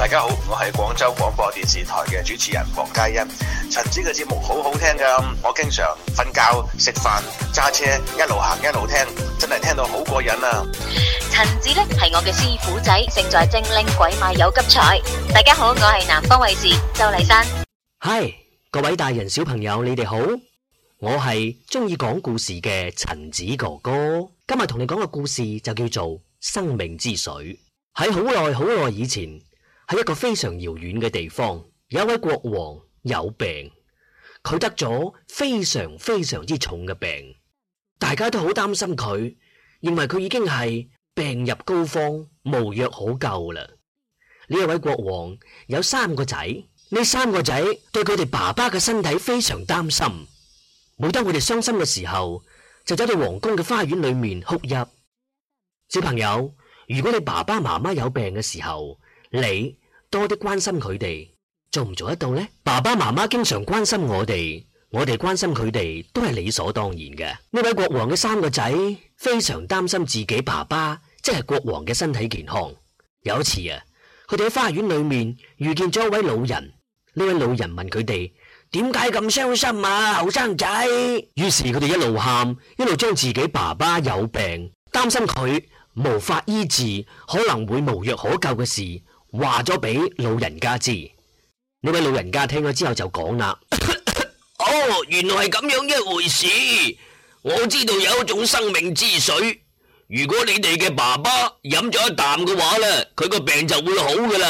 大家好，我係廣州廣播電視台嘅主持人黃佳欣。陳子嘅節目好好聽噶，我經常瞓覺、食飯、揸車一路行一路聽，真係聽到好過癮啊！陳子呢係我嘅師傅仔，勝在精靈鬼馬有急才。大家好，我係南方衛視周麗珊。嗨各位大人小朋友，你哋好，我係中意講故事嘅陳子哥哥。今日同你講嘅故事就叫做《生命之水》。喺好耐好耐以前，喺一個非常遙遠嘅地方，有一位國王有病，佢得咗非常非常之重嘅病，大家都好擔心佢，認為佢已經係病入膏肓，無藥可救啦。呢一位國王有三個仔，呢三個仔對佢哋爸爸嘅身體非常擔心，每當佢哋傷心嘅時候，就走到皇宮嘅花園裏面哭泣。小朋友，如果你爸爸媽媽有病嘅時候，你多啲關心佢哋，做唔做得到呢？爸爸媽媽經常關心我哋，我哋關心佢哋都係理所當然嘅。呢位國王嘅三個仔非常擔心自己爸爸，即係國王嘅身體健康。有一次啊，佢哋喺花園裏面遇見咗一位老人。呢位老人問佢哋，點解咁傷心啊，後生仔？於是佢哋一路喊，一路將自己爸爸有病，擔心佢無法醫治，可能會無藥可救嘅事。話咗俾老人家知，呢位老人家聽咗之後就講啦： 哦，原來係咁樣一回事。我知道有一種生命之水，如果你哋嘅爸爸飲咗一啖嘅話咧，佢個病就會好噶啦，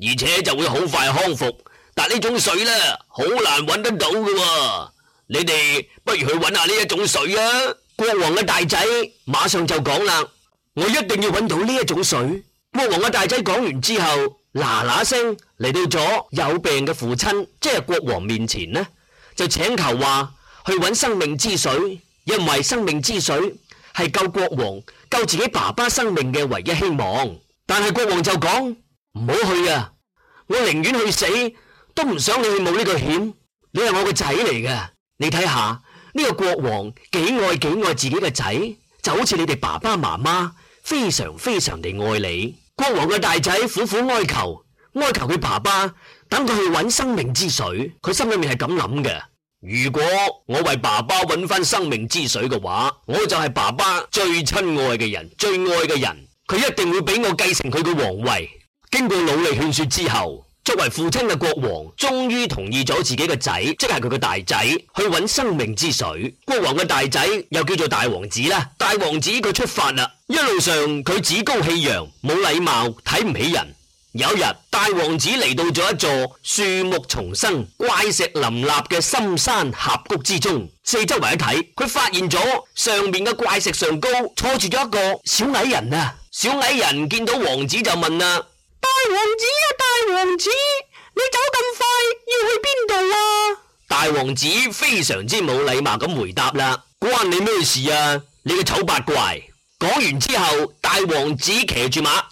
而且就會好快康復。但呢種水咧，好難揾得到噶啊。你哋不如去揾下呢一種水啊！國王嘅大仔馬上就講啦：我一定要揾到呢一種水。國王嘅大仔講完之後，嗱嗱聲嚟到咗有病嘅父親，即係國王面前呢，就請求話去揾生命之水，因為生命之水係救國王、救自己爸爸生命嘅唯一希望。但係國王就講，唔好去啊！我寧願去死，都唔想你去冒呢個險。你係我個仔嚟嘅。你睇下呢個國王幾愛幾愛自己嘅仔，就好似你哋爸爸媽媽非常非常地愛你。國王嘅大仔苦苦哀求，哀求佢爸爸等佢去揾生命之水。佢心裏面係咁諗嘅：如果我為爸爸揾翻生命之水嘅話，我就係爸爸最親愛嘅人，最愛嘅人，佢一定會俾我繼承佢嘅王位。經過努力勸說之後，作為父親嘅國王，終於同意咗自己嘅仔，即係佢個大仔，去揾生命之水。國王嘅大仔又叫做大王子啦。大王子佢出發啦，一路上佢趾高氣揚，冇禮貌，睇唔起人。有一日，大王子嚟到咗一座樹木叢生、怪石林立嘅深山峽谷之中，四周圍一睇，佢發現咗上面嘅怪石上高坐住咗一個小矮人啊！小矮人見到王子就問啦，啊。大王子啊，大王子，你走咁快要去邊度啊？大王子非常之冇禮貌咁回答啦，關你咩事啊？你個醜八怪！講完之後，大王子騎住馬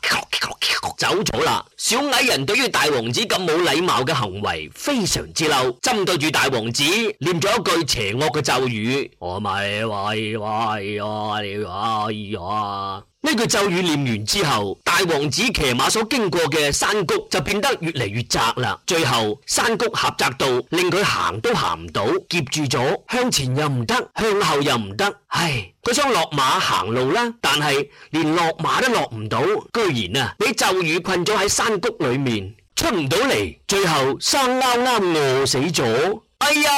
走咗啦。小矮人對於大王子咁冇禮貌嘅行為非常之嬲，針對住大王子念咗一句邪惡嘅咒語：我咪喂喂呀，哎呀！呢句咒語念完之後，大王子騎馬所經過嘅山谷就變得越嚟越窄啦。最後山谷狹窄到令佢行都行唔到，夾住咗向前又唔得，向後又唔得。唉，佢想落馬行路啦，但係連落馬都落唔到，居然啊俾咒語困咗喺山谷裏面出唔到嚟，最後生勾勾餓死咗。哎呀，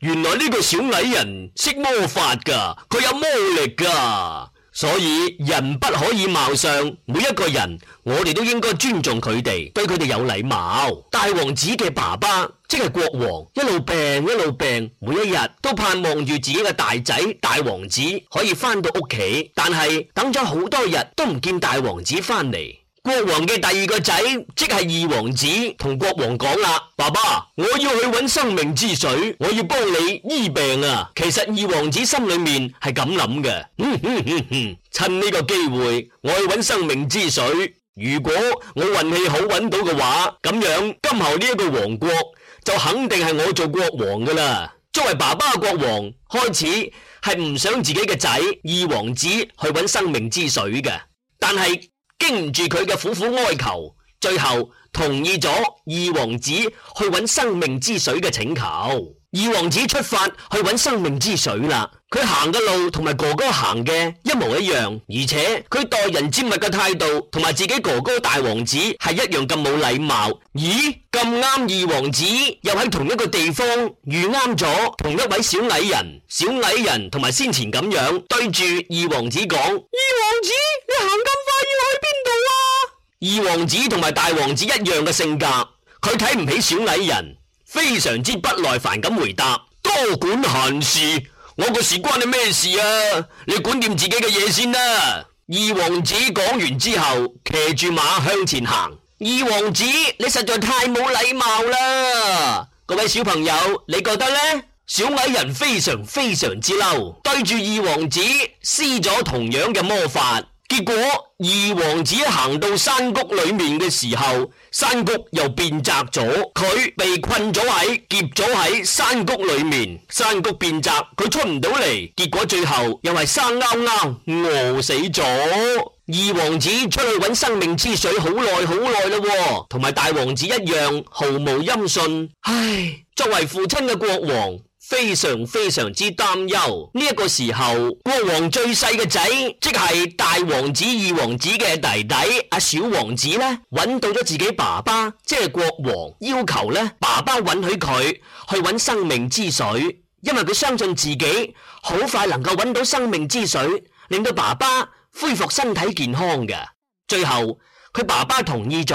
原來呢個小矮人識魔法㗎，佢有魔力㗎。所以人不可以貌相，每一個人我哋都應該尊重佢哋，對佢哋有禮貌。大王子嘅爸爸即係國王，一路病一路病，每一日都盼望住自己嘅大仔大王子可以翻到屋企，但係等咗好多日都唔見大王子翻嚟。國王嘅第二個仔，即係二王子，同國王講啦：爸爸，我要去揾生命之水，我要幫你醫病啊！其實二王子心裏面係咁諗嘅，嗯嗯嗯嗯，趁呢個機會我去揾生命之水，如果我運氣好揾到嘅話，咁樣今後呢一個王國就肯定係我做國王噶啦。作為爸爸國王，開始係唔想自己嘅仔二王子去揾生命之水嘅，但係。經唔住佢嘅苦苦哀求，最後同意咗二王子去揾生命之水嘅請求。二王子出發去揾生命之水啦。佢行嘅路同埋哥哥行嘅一模一樣，而且佢待人接物嘅態度同埋自己哥哥大王子係一樣咁冇禮貌。咦？咁啱二王子又喺同一個地方遇啱咗同一位小矮人。小矮人同埋先前咁樣對住二王子講：二王子，你行咁。二王子同埋大王子一樣嘅性格，佢睇唔起小矮人，非常之不耐煩咁回答：多管閒事，我個事關你咩事啊？你管掂自己嘅嘢先啦！二王子講完之後，騎住馬向前行。二王子，你實在太冇禮貌啦！各位小朋友，你覺得呢？小矮人非常非常之嬲，對住二王子施咗同樣嘅魔法。結果二王子行到山谷裏面嘅時候，山谷又變窄咗，佢被困咗喺夾咗喺山谷裏面，山谷變窄，佢出唔到嚟。結果最後又係生勾勾餓死咗。二王子出去揾生命之水好耐好耐啦，同埋大王子一樣毫無音訊。唉，作為父親嘅國王。非常非常之擔憂。呢一個時候，國王最細嘅仔，即係大王子、二王子嘅弟弟阿小王子呢，揾到咗自己爸爸，即係國王，要求呢爸爸允許佢去揾生命之水，因為佢相信自己好快能夠揾到生命之水，令到爸爸恢復身體健康嘅。最後佢爸爸同意咗，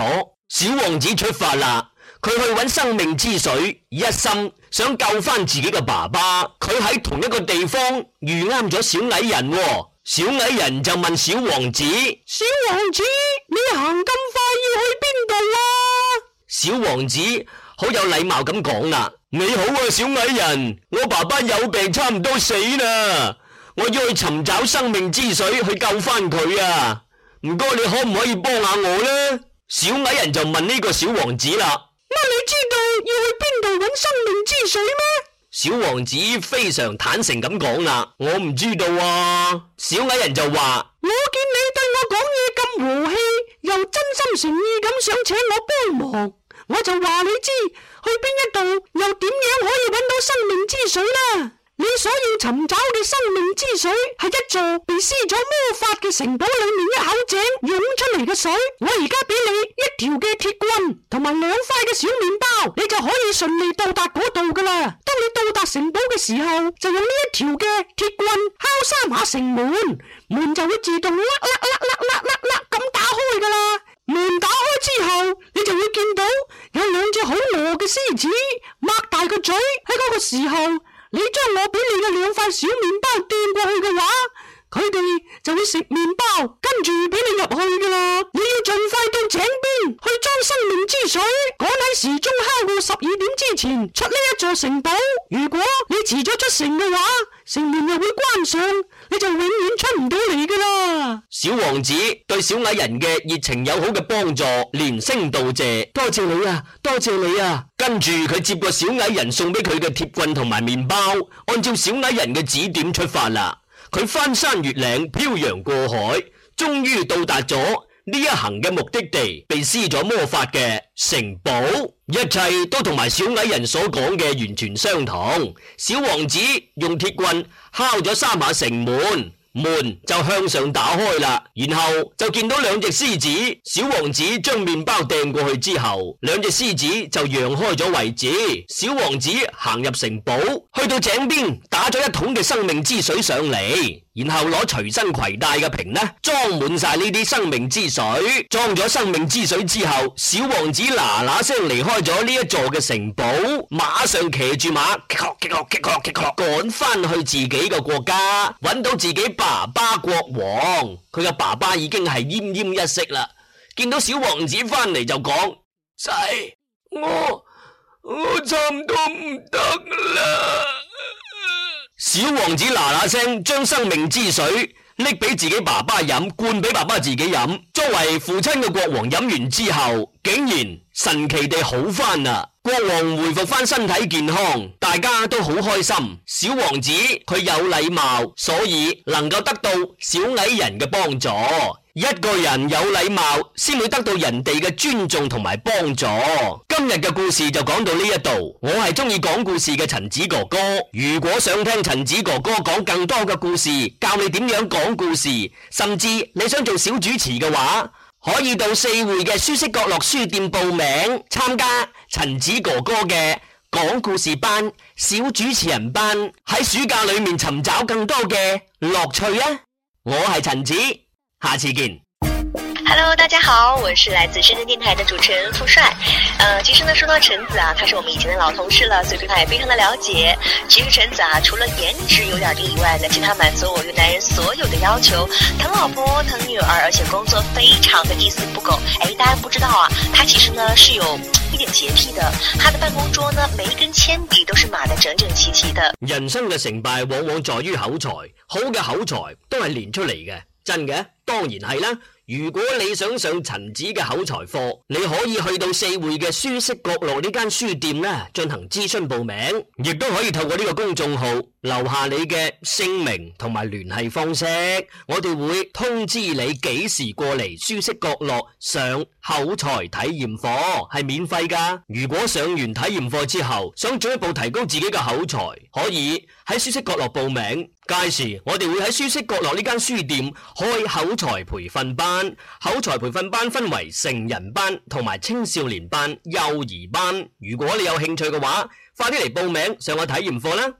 小王子出發啦。佢去揾生命之水，一心想救翻自己嘅爸爸。佢喺同一個地方遇啱咗小矮人。哦，小矮人就問小王子：小王子，你行咁快要去邊度啊？小王子好有禮貌咁講啦：你好啊，小矮人，我爸爸有病，差唔多死啦，我要去尋找生命之水去救翻佢啊。唔該，你可唔可以幫下我咧？小矮人就問呢個小王子啦。要去邊度揾生命之水咩？小王子非常坦誠咁講啦，我唔知道啊。小矮人就話：我見你對我講嘢咁和氣，又真心誠意咁想請我幫忙，我就話你知，去邊一度又點樣可以揾到生命之水啦。你所要尋找嘅生命之水，係一座被施咗魔法嘅城堡裏面一口井湧出嚟嘅水。我而家俾你一條嘅鐵棍同埋兩塊嘅小麵包，你就可以順利到達嗰度噶啦。當你到達城堡嘅時候，就用呢一條嘅鐵棍敲三下城門，門就會自動啦啦啦啦啦啦咁打開噶啦。門打開之後，你就會見到有兩隻好餓嘅獅子擘大個嘴喺嗰個時候。你將我俾你嘅兩塊小麵包掟過去嘅話，佢哋就會食麵包，跟住俾你入去噶啦。你要盡快到井邊去裝生命之水，趕喺時鐘敲過十二點之前出呢一座城堡。如果你遲咗出城嘅話，城門又會關上，你就永遠出唔到嚟噶啦！小王子對小矮人嘅熱情友好嘅幫助，連聲道謝，多謝你啊，多謝你啊！跟住佢接過小矮人送俾佢嘅鐵棍同埋麵包，按照小矮人嘅指點出發啦。佢翻山越嶺、漂洋過海，終於到達咗。呢一行嘅目的地，被施咗魔法嘅城堡，一切都同埋小矮人所講嘅完全相同。小王子用鐵棍敲咗三下城門，門就向上打開啦。然後就見到兩隻獅子，小王子將麵包掟過去之後，兩隻獅子就讓開咗位置，小王子行入城堡，去到井邊打咗一桶嘅生命之水上嚟。然後攞隨身携帶嘅瓶呢，裝滿晒呢啲生命之水。裝咗生命之水之後，小王子嗱嗱聲離開咗呢一座嘅城堡，馬上騎住馬，極落極落極落極落，趕翻去自己嘅國家，搵到自己爸爸國王。佢嘅爸爸已經係奄奄一息啦。見到小王子翻嚟就講：仔，我我差唔多唔得啦。小王子嗱嗱聲將生命之水拎俾自己爸爸飲，灌俾爸爸自己飲。作為父親嘅國王飲完之後，竟然神奇地好翻呀！國王回復翻身體健康。大家都好開心，小王子佢有禮貌，所以能夠得到小矮人嘅幫助。一個人有禮貌，先會得到人哋嘅尊重同埋幫助。今日嘅故事就講到呢一度，我係中意講故事嘅陳子哥哥。如果想聽陳子哥哥講更多嘅故事，教你點樣講故事，甚至你想做小主持嘅話，可以到四會嘅舒適角落書店報名參加陳子哥哥嘅。講故事班、小主持人班喺暑假裏面尋找更多嘅樂趣啊！我係陳子，下次見。Hello，大家好，我是來自深圳電台的主持人付帥。呃，其實呢，說到陳子啊，他是我們以前的老同事了，所以對他也非常的了解。其實陳子啊，除了顏值有點低以外呢，其他滿足我對男人所有的要求。疼老婆，疼女兒，而且工作非常的一絲不苟。誒，大家不知道啊，他其實呢是有一點潔癖的。他的辦公桌呢，每一根鉛筆都是碼的整整齊齊的。人生的成敗，往往在於口才。好嘅口才都係練出來嘅，真嘅，當然係啦。如果你想上陳子嘅口才課，你可以去到四會嘅舒適角落呢間書店啦，進行諮詢報名，亦都可以透過呢個公眾號留下你嘅姓名同埋聯繫方式，我哋會通知你幾時過嚟舒適角落上口才體驗課，係免費噶。如果上完體驗課之後，想進一步提高自己嘅口才，可以喺舒適角落報名。屆時我哋會喺舒適角落呢間書店開口才培訓班，口才培訓班分為成人班同埋青少年班、幼兒班。如果你有興趣嘅話，快啲嚟報名上我體驗課啦！